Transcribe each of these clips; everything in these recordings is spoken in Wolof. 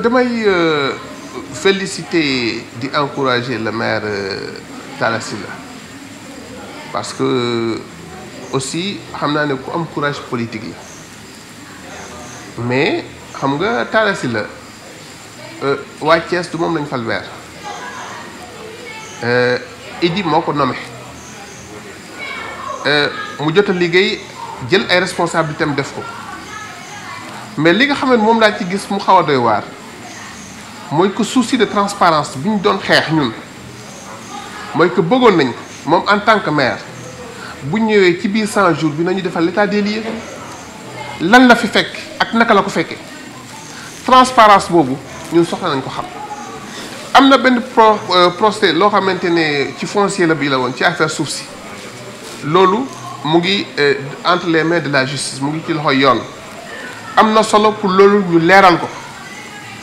damay damay euh, féliciter di encourager le maire euh, Talla Sylla parce que euh, aussi xam naa ne ku am courage politique la mais xam nga Talla Sylla waa Thiès du moom lañ fal weer Idi moo ko nommé mu jot a liggéey jël ay responsabilités am def ko mais li nga xam ne moom laa ci gis mu xaw doy waar moy que souci de transparence bi ñu doon xeex ñun moy que bëggoon nañ mom en tant que maire bu ñëwé ci biir 100 jours bi nañu defal l'état des lieux lan la fi fekk ak naka la ko fekkee transparence bobu ñun soxla nañ ko xam amna benn pro euh, procès lo xamantene ci foncier la bi la won ci affaire suuf si loolu mu ngi euh, entre les mains de la justice mu ngi ci loxoy yoon amna solo pour lolu ñu leeral ko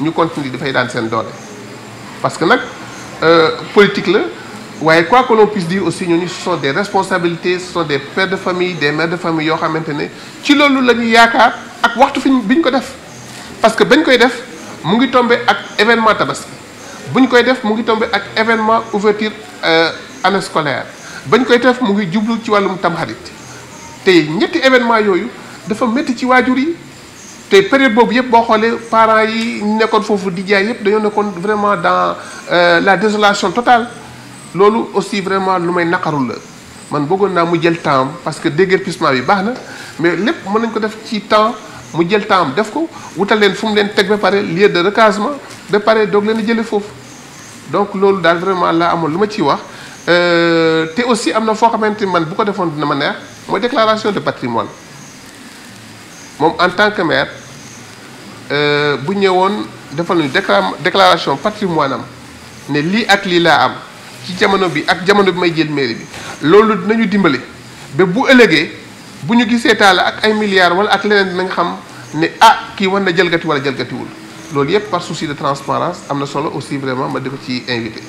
ñu continuer dafay daan seen doole parce que nag euh, politique la waaye quoi que l'on puisse dire aussi ñooñu ce sont des responsabilités ce sont des pères de famille des mères de famille yoo xamante ne ci loolu la ñu yaakaar ak waxtu fi bi ko def parce que bañ koy def mu ngi tombé ak événement tabaski buñ koy def mu ngi tombé ak événement ouverture euh, année scolaire bañ koy def mu ngi jublu ci wàllum tamxarit te ñetti événement yooyu dafa métti ci waajur yi et période bob yëpp parents yi vraiment dans euh, la désolation totale lolu aussi vraiment la man bëggon na mu jël temps parce que déguerpissement bi mais ko def ci temps mu jël temps def ko de recasement a fofu donc lolu vraiment euh, aussi man bu ko déclaration de patrimoine mom en tant que maire euh, bu ñëwoon defal ñu déclaration patrimoine am ne lii ak li la am ci jamono bi ak jamono bi may jël mairie bi lolu dinañu dimbali ba bu ëllëgee bu ñu gisee taal ak ay milliards wala ak lénen dinañ xam né ah ki won na jël gati wala jël gati wul lolu yépp par souci de transparence amna solo aussi vraiment ma di ko ci invité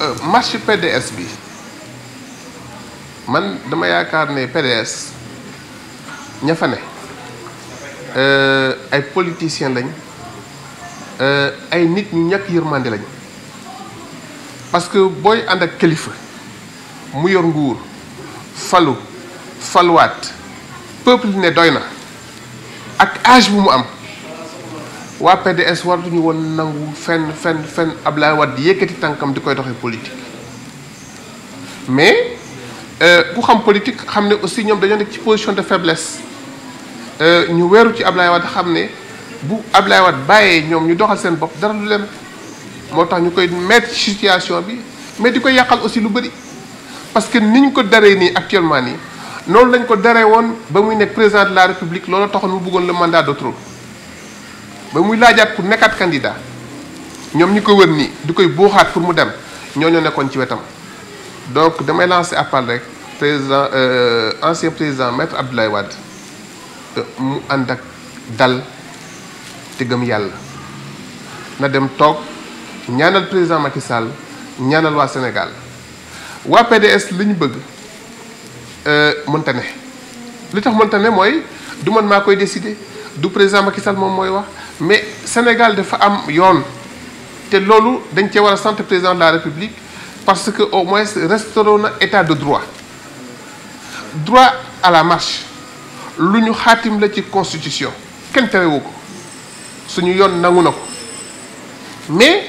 euh marché PDS bi man dama yaakaar ne PDS nous fa des euh, politiciens euh, nit parce que si ànd ak kilifa mu yor nguur peuple ne ak âge bu mu am PDS fenn fenn fenn di koy politique mais euh, ku xam politique xam aussi ñoom position de faiblesse. Euh, ñu wéru ci Ablaye wat xamné bu Ablaye wat bayé ñom ñu doxal seen bop dara lu leen motax tax ñu koy mettre situation bi mais diko yakal aussi lu bëri parce que niñ ko daré ni actuellement ni non lañ ko daré won ba muy nekk président de la république lolo taxoon mu bëggon le mandat de trop ba muy laajaat ku nekat candidat ñom ñu ko wër ni di buxat buuxaat pour mu dem ñoño nekkon ci wétam donc damay lancer appel rek président euh, ancien président maître Abdoulaye Wade mu ànd ak dal te gëm yàlla na dem toog ñaanal président Macky Sall ñaanal waa Sénégal waa PDS li ñu bëgg euh, mënta ne li tax mënta ne mooy du man maa koy décider du président Macky Sall moom mooy wax mais Sénégal dafa am yoon te loolu dañ cee war a sant président de la République parce que au moins restauré na état de droit droit à la marche lu ñu xaatim la ci constitution kenn terewu ko suñu yoon nangu na ko mais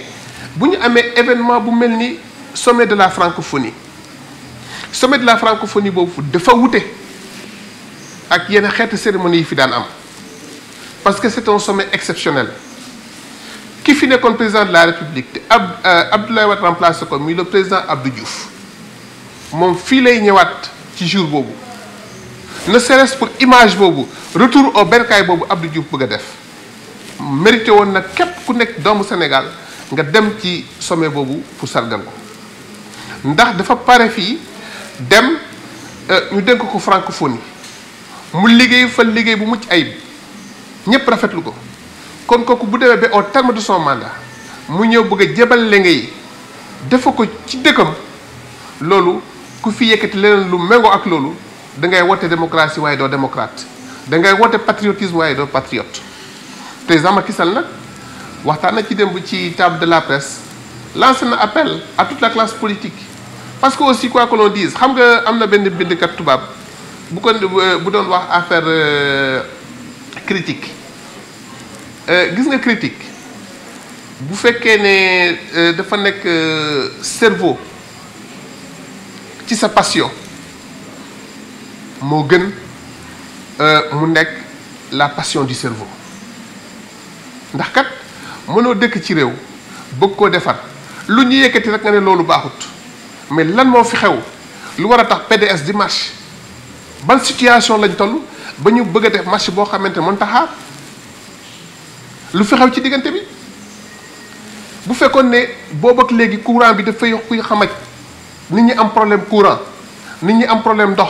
bu ñu un événement bu mel ni sommet de la francophonie sommet de la francophonie boobu dafa wute ak yenn une cérémonie fi daan am parce que c'est un sommet exceptionnel ki fi nekkoon président de la république te ab euh, Abdoulaye ko muy le président Abdou Diouf moom fii lay ñëwaat ci jour ne serait-ce pour image bobu retour au bercail bobu Abdou Diouf bëgg def mérité won na képp ku Sénégal dem ci sommet bobu pour sargal ko ndax dafa paré dem euh, ñu ko francophonie mu liggéey fa liggéey bu mucc ayib ko au terme de son mandat mu bëgg ko ci dëkkam ak da ngay woote démocratie waaye doo démocrate da ngay woote patriotisme waaye doo patriote président Macky Sall nag waxtaan na ci démb ci table de la presse lancé na appel à toute la classe politique parce que aussi quoi que l'on dise xam nga am na benn bindkat tubaab bu ko bu doon wax affaire euh, critique euh, gis nga critique bu fekkee ne euh, dafa nekk cerveau ci sa passion moo gën euh, mu nekk la passion du cerveau ndax kat mënoo dëkk ci réew bëgg koo defar lu ñu yëkkati rek nga ne loolu baaxut mais lan moo fi xew lu war a tax PDS di marche ban situation lañ toll ba ñu bëgg a def marche boo xamante mën taxaar lu fi xew ci diggante bi bu fekkoon ne boobu léegi courant bi dafay kuy xamaj nit ñi am problème courant nit ñi am problème ndox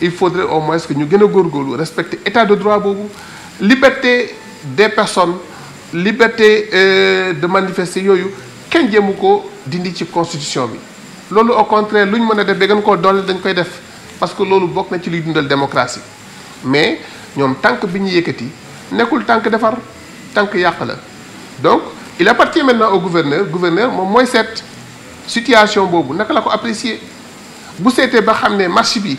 il faudrait au moins que nous respections l'état respecter état de droit la liberté des personnes liberté euh, de manifester yooyu kenn jéemu ko dindi ci constitution au contraire nous devons mën a def ba dañ koy def parce que loolu bokk na ci tant dundal démocratie mais ñoom tànk bi ñu yëkkati nekkul tant tant que yàq la donc il appartient maintenant au gouverneur gouverneur moi mooy situation boobu naka la ko apprécier bu savez ba xam ne bi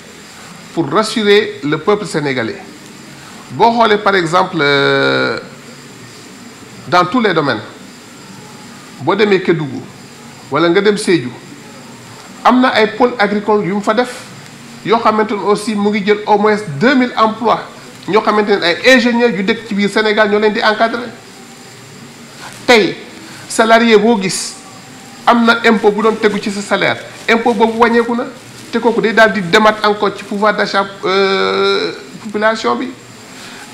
pour rassurer le peuple sénégalais. Bon, par exemple, euh, dans tous les domaines, boo demee Kédougou wala nga dem Sédhiou am ay pôle agricole yu mu fa def aussi mu jël au moins 2000 emplois ñoo xamante ay ingénieurs yu dëkk ci biir Sénégal ñoo leen di encadrer un salarié boo gis am na impôt bu doon tegu ci sa salaire impôt boobu wàññeeku na te kooku day daal encore ci pouvoir d'achat euh, population bi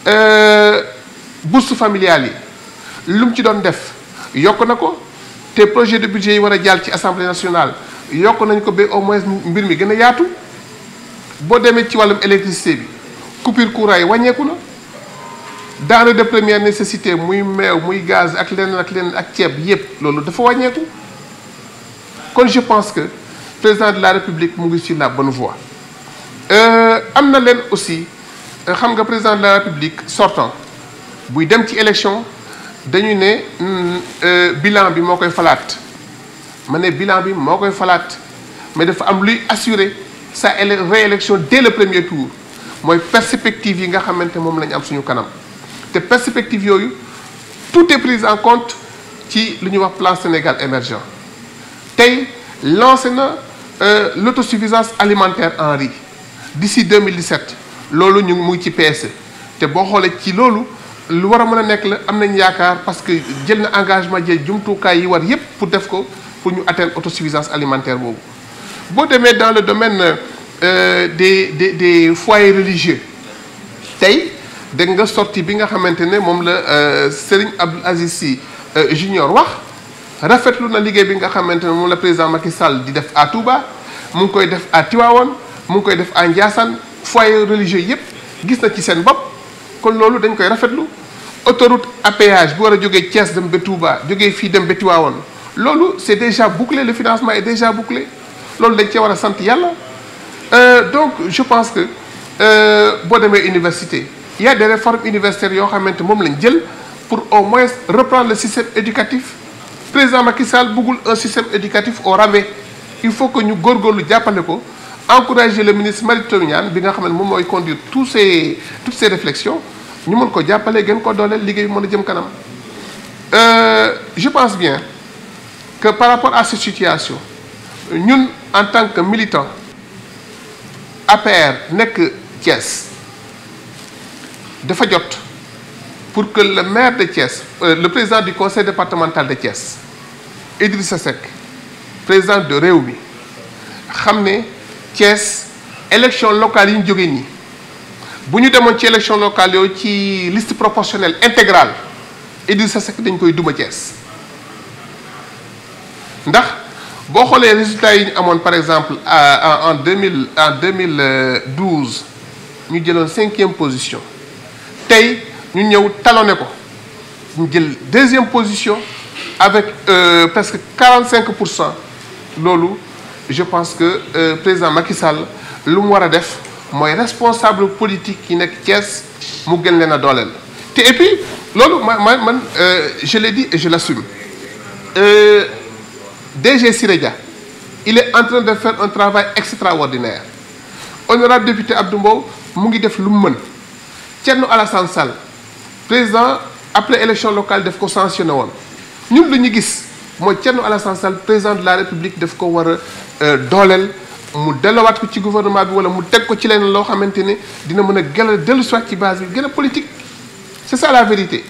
euh, bourse familiale yi lu ci def projet de budget yi assemblée nationale ko au moins mbir mi ci électricité bi coupure courant yi wàññeeku na Dans de première nécessité muy gaz ak ak ak yépp dafa je pense que président de la république mu la bonne voie Euh, amna len aussi euh, xam nga président de la république sortant bui dem ci élection dañu ne mm, euh, bilan bi moo koy Mané bilan bi moo koy mais dafa am lui assurer sa réélection dès le premier tour Moy perspective yi nga xamanté mom lañ am suñu kanam Té perspective yoyu tout est pris en compte ci lu plan Sénégal émergent Tay lancé na euh, l'autosuffisance alimentaire en riz d'ici 2017 loolu ñu mu ngi ci PS. E. té bo xolé ci loolu lu wara mëna mën nekk la amnañ yaakar parce que jël na engagement jël kay yi war yépp pour def ko pour ñu atteindre autosuffisance alimentaire bobu bo démé dans le domaine euh, des des des foyers religieux tay dégg nga sortie bi nga xamante mom moom euh, Serigne abdou Aziz euh, junior wax rafetlu na liggéey bi nga xamante ne la président Macky Sall di def à Touba mu ngi koy def à Tivaouane mu ngi koy def à Ndiassane foyer religieux yëpp gis na ci seen bopp kon loolu dañ koy rafetlu autoroute à péage bu war a jógee Thiès dem ba Touba jógee fii dem ba Tivaouane loolu c'est déjà bouclé le financement est déjà bouclé loolu dañ ci war a sant yàlla euh, donc je pense que euh, boo demee université il y a des réformes universitaires yoo xamante moom lañ jël pour au moins reprendre le système éducatif président Macky Sall bëggul un système éducatif au rabais il faut que ñu gorgolou le ko encourager le ministre marie Niane bi nga xam ne moy conduire tous ces toutes ces réflexions ñu mën ko jàppale gën ko dooleel liggéey mëna jëm kanam euh, je pense bien que par rapport à cette situation ñun en tant que militants, APR que Thiès de jot pour que le maire de Thiès, euh, le président du conseil départemental de Thiès, Idrissa Seck, président de Rewmi xam Thiès élection locale yi ñu jógee nii bu ñu élection locale yooyu ci liste proportionnelle intégrale Idrissa Seck dañ koy duma Thiès ndax boo les résultats yi par exemple en 2012... nous avons en 5 cinquième position ñu de talonné Nous avons jël deuxième position avec euh, presque 45 Lolo, je pense que le euh, président Macky Sall le responsable politique qui n'est pas mu et puis euh, je l'ai dit et je l'assume DG Sirega, il est en train de faire un travail extraordinaire honorable député Abdoumbo, Mbow mu ngi def lu président après élection locale daf ko sanctionné won ñun lu ñu gis mooy Thierno Alassane Sall président de la république daf ko Dolel, a euh, mu dellowaat ko ci gouvernement bi wala mu teg ko ci leen lo xamante ne dina mëna a gën soit ci base bi gëna politique c'est ça la vérité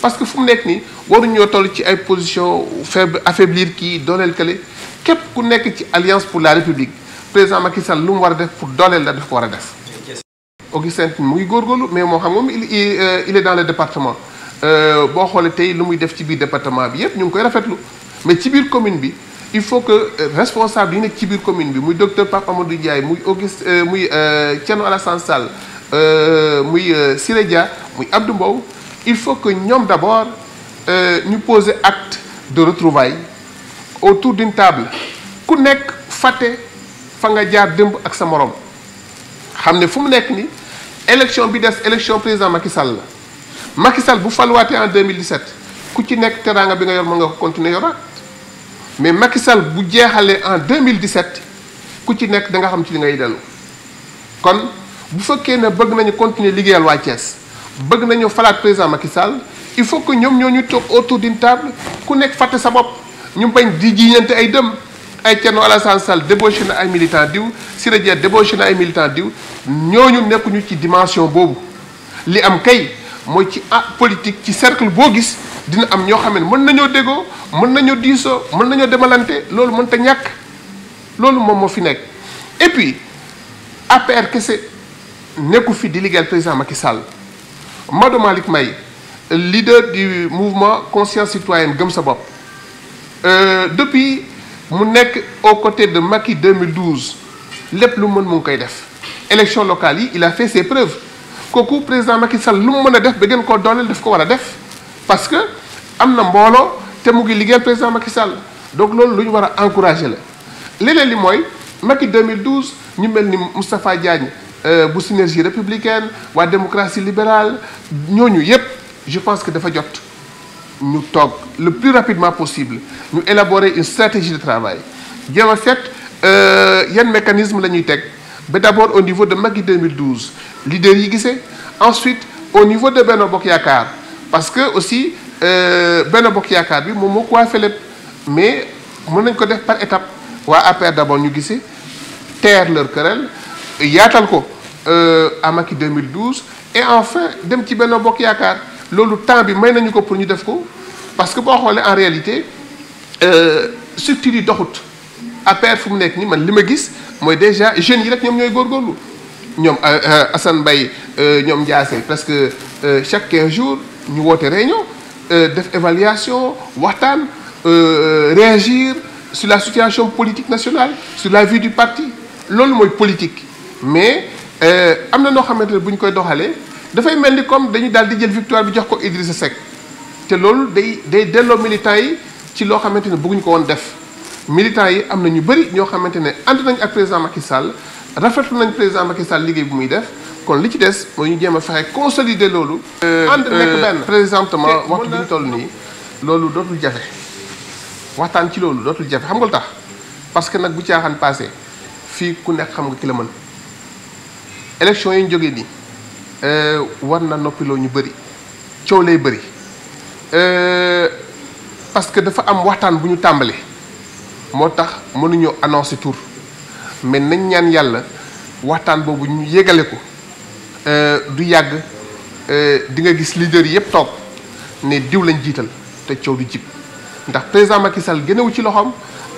parce que fu nek ni waru ñu toll ci ay position faible affaiblir ki dolel kële képp ku nek ci alliance pour la république président Macky Sall lu mu def pour Dolel la def ko def Augustin Tine mu ngi góorgóorlu mais moo xam euh, il est dans le département euh, boo xoolee tey lu muy def ci biir département bi yépp ñu ngi koy rafetlu mais ci biir commune bi il faut que euh, responsable yi nekk ci commune bi muy docteur Papa Modou Ndiaye muy Auguste muy Thierno Alassane Sall muy Siré muy Abdou Mbow il faut que nous d'abord ñu poser acte de retrouvailles autour d'une table ku nekk fàtte fa nga jaar démb ak sa morom xam ne ni élection bi des élection président Macky Sall Macky Sall bu faluwaatee en 2017 ku ci nek teranga bi nga yor mo nga continuer yoraat mais Macky Sall bu jeexalee en 2017 ku ci nek da nga xam ci li ngay dellu kon bu fekkee ne bëgn nañu continuer ligéyal wa Thiès bëgn nañu falat président Macky Sall il faut que ñom ñoo ñu toog autour d'une table ku nek faté sa bopp ñu bañ di jiiñante ay dëm ay Thierno Alassane Sall débauché na ay militant diou Siré Dia débauché na ay militant diw ñooñu connu ci dimension bobu li am kay moy ci ah politique ci cercle bo gis dina am ño xam mën nañu déggoo mën nañu diiso mën nañu démalanté loolu mën ta ñak loolu mom mo fi nekk et puis après que c'est nekku fi di liggéeyal président Macky Sall Maodo malik May leader du mouvement conscience citoyenne gëm sa euh, depuis mu nekk aux côtés de Maki 2012 lépp lu mën koy élection locale il a fait ses preuves Le président Macky Sall lu a def ba gën koo dooleel def parce que am na mbooloo te mu ngi président Macky Sall donc loolu lu ñu a encourager la leneen li Macky 2012 ñu mel Moustapha Diagne euh, bu synergie républicaine la démocratie libérale yépp je pense que dafa jot nous le plus rapidement possible, nous élaborer une stratégie de travail. Bien en fait, il euh, y a un mécanisme de Mais d'abord au niveau de Magui 2012, leader Ensuite, au niveau de Beno Bokyakar, parce que aussi euh, Beno Bokyakar, lui, a fait mais mon par étape. Wa APR d'abord nous terre leur querelle, yatal ko euh, à Maki 2012 et enfin dem Beno Bokyakar lolu temps bi may nañu ko pour ñu def ko parce que boo xoolee en réalité euh, structures yi doxut APR fu mu nekk ni man li ma gis mooy déjà jeunes yi rek ñoom ñooy góorgóorlu ñoom euh, euh, Assane Mbaye ñoom parce que chaque quinze jours ñu woote réunion def évaluation waxtaan réagir sur la situation politique nationale sur la vie du parti loolu mooy politique mais am na noo xamante ne bu ñu koy doxalee. dafay mel ni comme dañu daal di jël victoire bi jox ko Idrissa Seck te loolu day day delloo militants yi ci loo xamante ne bëgguñu ko woon def militants yi am na ñu bëri ñoo xamante ne ànd nañ ak président Macky Sall rafetlu nañ président Macky liggéey bu muy def kon li ci des mooy ñu jéem a fexe consolider loolu. Euh, euh, ànd nekk benn présentement waxtu bi ñu toll nii. loolu dootul jafe waxtaan ci loolu dootul jafe xam nga lu tax parce que nag bu caaxaan passé fii ku nekk xam nga ki la mën jógee nii. Euh, war na noppiloo ñu bëri coow lay bëri euh, parce que dafa am waxtaan bu ñu tàmbali moo tax mënuñoo annoncé tur mais nañ ñaan yàlla waxtaan boobu ñu yégale ko euh, du yàgg di nga gis leader yépp toog ne diw lañ jiital te coow du jib ndax président Macky Sall génnewu ci loxoom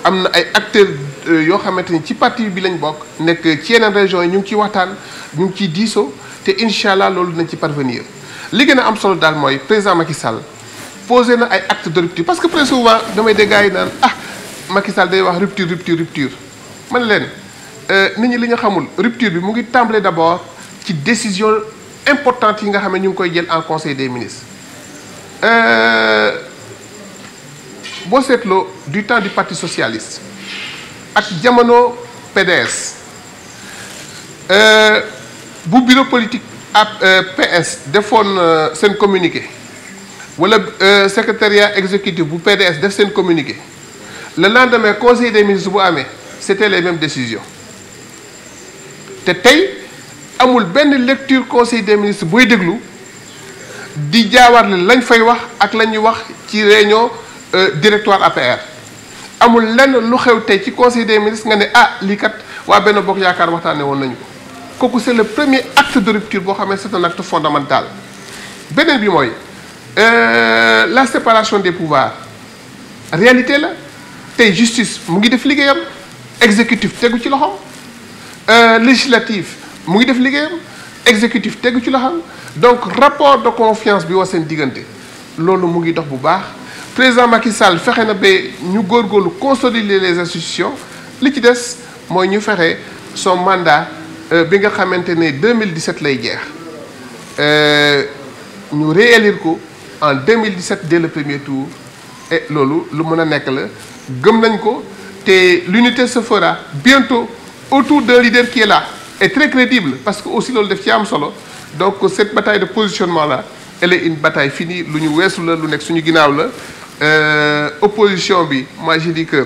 am na ay acteurs yoo xamante ni ci parti bi lañ bokk nekk ci yeneen régions yi ñu ngi ciy waxtaan ñu ngi ciy diisoo. Et Inch'Allah, allah loolu parvenir li qui est am solo président Macky Sall posé acte de rupture parce que très souvent je me dis que ah Macky Sall rupture rupture rupture man nous euh, nit ñi li ñu xamul rupture bi mu ngi tàmbalee les ci décision importante yi nga en conseil des ministres C'est euh, le du temps du parti socialiste ak jamono PDS. Euh, bu bureau politique ab PS euh, defoon euh, sen communiqué wala euh, secrétariat exécutif bu PDS def sen communiqué le lendemain conseil des ministres bu amène. c'était les mêmes décisions Tetei, tey amul ben lecture conseil des ministres booy déglu di jaawarle lañ fay wax ak la ñuy wax ci réunion directoire APR amul lenn lu xew ci conseil des ministres nga ne ah lii kat waa benn bokk yaakaar waxtaanee woon nañu kooku c'est le premier acte de rupture boo c'est un acte fondamental beneen bi euh, la séparation des pouvoirs réalité la justice mu ngi def liggéeyam exécutif tegu ci le euh, législatif mu ngi def liggéeyam exécutif tegu ci donc rapport de confiance bi waa seen diggante loolu mu président Macky Sall fexe na ba ñu góorgóorlu consolider les institutions li ci des mooy son mandat. Euh, bi nga xamante 2017 lay guerre euh, ñu réélire en 2017 dès le premier tour et loolu lu mën a la l'unité se fera bientôt autour d'un leader qui est là et très crédible parce que aussi loolu def ci am solo donc cette bataille de positionnement là elle est une bataille finie lu ñu weesu la lu suñu euh, opposition moi je dit que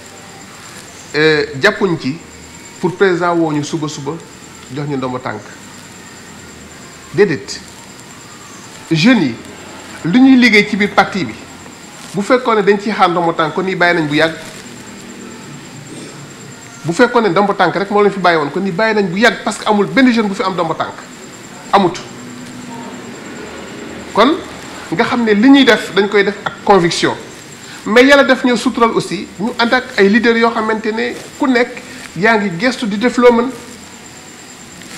Eh, jàppuñ ci pour président woo ñu suba suba jox ñu ndomba tank dedet jeune yi lu ñuy liggéey ci biir parti bi bu fekkone dañ ci xaar ndomba tank ko ni bàyyi nañ bu yàgg bu fekkone ne ndomba tànk rek mo leen fi bàyyi won ko ni bàyyi nañ bu yàgg parce que amul benn jeune bu fi am ndomba tank amut kon nga xamné ne li ñuy def dañ koy def ak conviction mais yàlla def ñu sutural aussi ñu ànd ak ay leader yoo xamante ne ku nekk yaa ngi gestu di def loo mën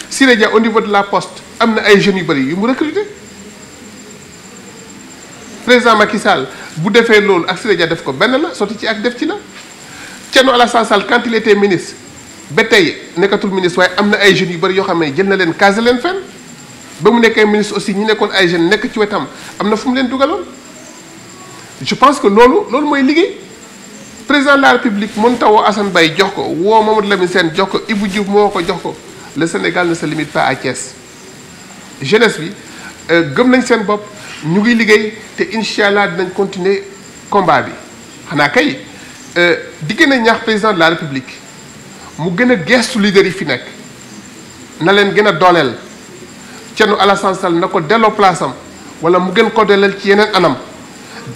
Siré au niveau de la poste am na ay jeunes yu bëri yu mu recruter président Macky Sall bu defee loolu ak Siré def ko benn la sotti ci ak def ci la Thierno Alassane Sall quand il était ministre ba tey nekkatul ministre waaye am na ay jeunes yu bëri yoo xam ne jël na leen casé leen fenn ba mu nekkee ministre aussi ñi nekkoon ay jeunes nekk ci wetam am na fu mu leen dugaloon je pense que lolu lolu moy Le président de la république Assane jox ko Mamadou jox ko Ibou jox le Sénégal ne se limite pas à Thiès jeunesse bi euh, gëm nañ sen bop ñu ngi liguey té inshallah dinañ continuer combat bi xana kay euh, président de la république mu fi na place anam.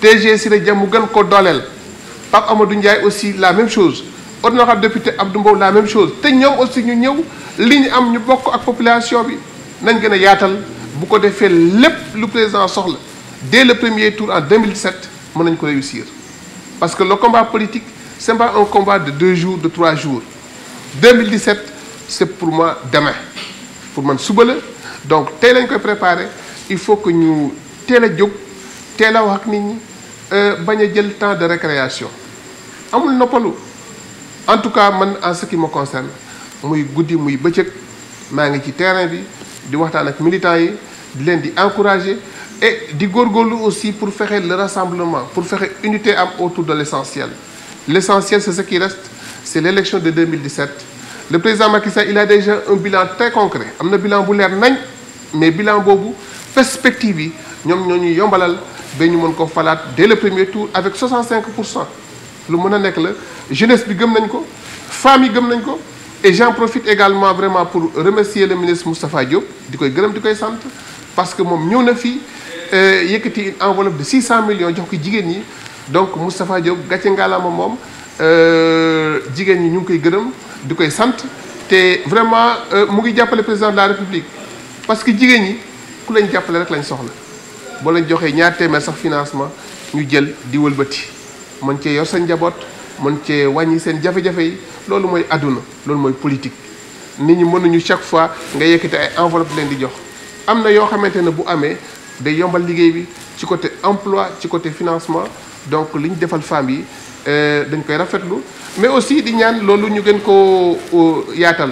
DG Siré Diamou gën ko Pape Amadou Ndiaye aussi la même chose honorable député Abdou Mbow la même chose té ñom aussi ñu ñëw li ñu am ñu bokk ak population bi nañ gëna a yaatal bu ko défé lépp lu président soxla dès le premier tour en 2007 mën nañ ko réussir parce que le combat politique c'est pas un combat de deux jours de trois jours 2017 c'est pour moi demain pour man suba donc tel nous sommes préparer il faut que nous tel a wax nit ñi euh, bañ jël temps de récréation amul noppalu en tout cas man en ce qui me concerne muy guddi muy bëccëg maa ngi ci terrain bi di waxtaan ak militants yi di leen di encourager et di góorgóorlu aussi pour faire le rassemblement pour fexe unité am autour de l'essentiel. L'essentiel, c'est ce qui reste c'est l'élection de 2017 le président Macky Sall il a déjà un bilan très concret am na bilan bu leer nañ mais bilan boobu perspective yi ñoom ñoo ñuy yombalal ba ñu mën ko dès le premier tour avec 65 le cent mën a la jeunesse bi gëm nañ ko yi gëm nañ ko et j'en profite également vraiment pour remercier le ministre Moustapha Diop du koy du di parce que moom ñëw na fii euh, a une enveloppe de 600 millions jox ko jigéen donc Moustapha Diop gàcce ngalaama moom euh, jigéen ñi ñu ngi koy gërëm di koy sant vraiment euh, mu ngi jàppale président de la république parce que jigéen ñi ku lañ jàppale rek lañ soxla boo leen joxee ñaar téeméer sax financement ñu jël di wëlbati mën cee yor seen njaboot mën cee wàññi seen jafe-jafe yi loolu mooy àdduna loolu mooy politique. nit ñi mënuñu chaque fois nga yëkkati ay enveloppe leen di jox am na yoo xamante ne bu amee day yombal liggéey bi ci côté emploi ci côté financement donc li ñu defal femmes yi euh, dañ koy rafetlu mais aussi di ñaan loolu ñu gën ko euh, yaatal.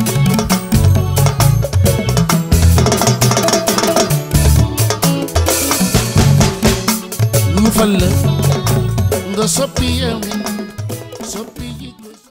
fal la nga soppi yow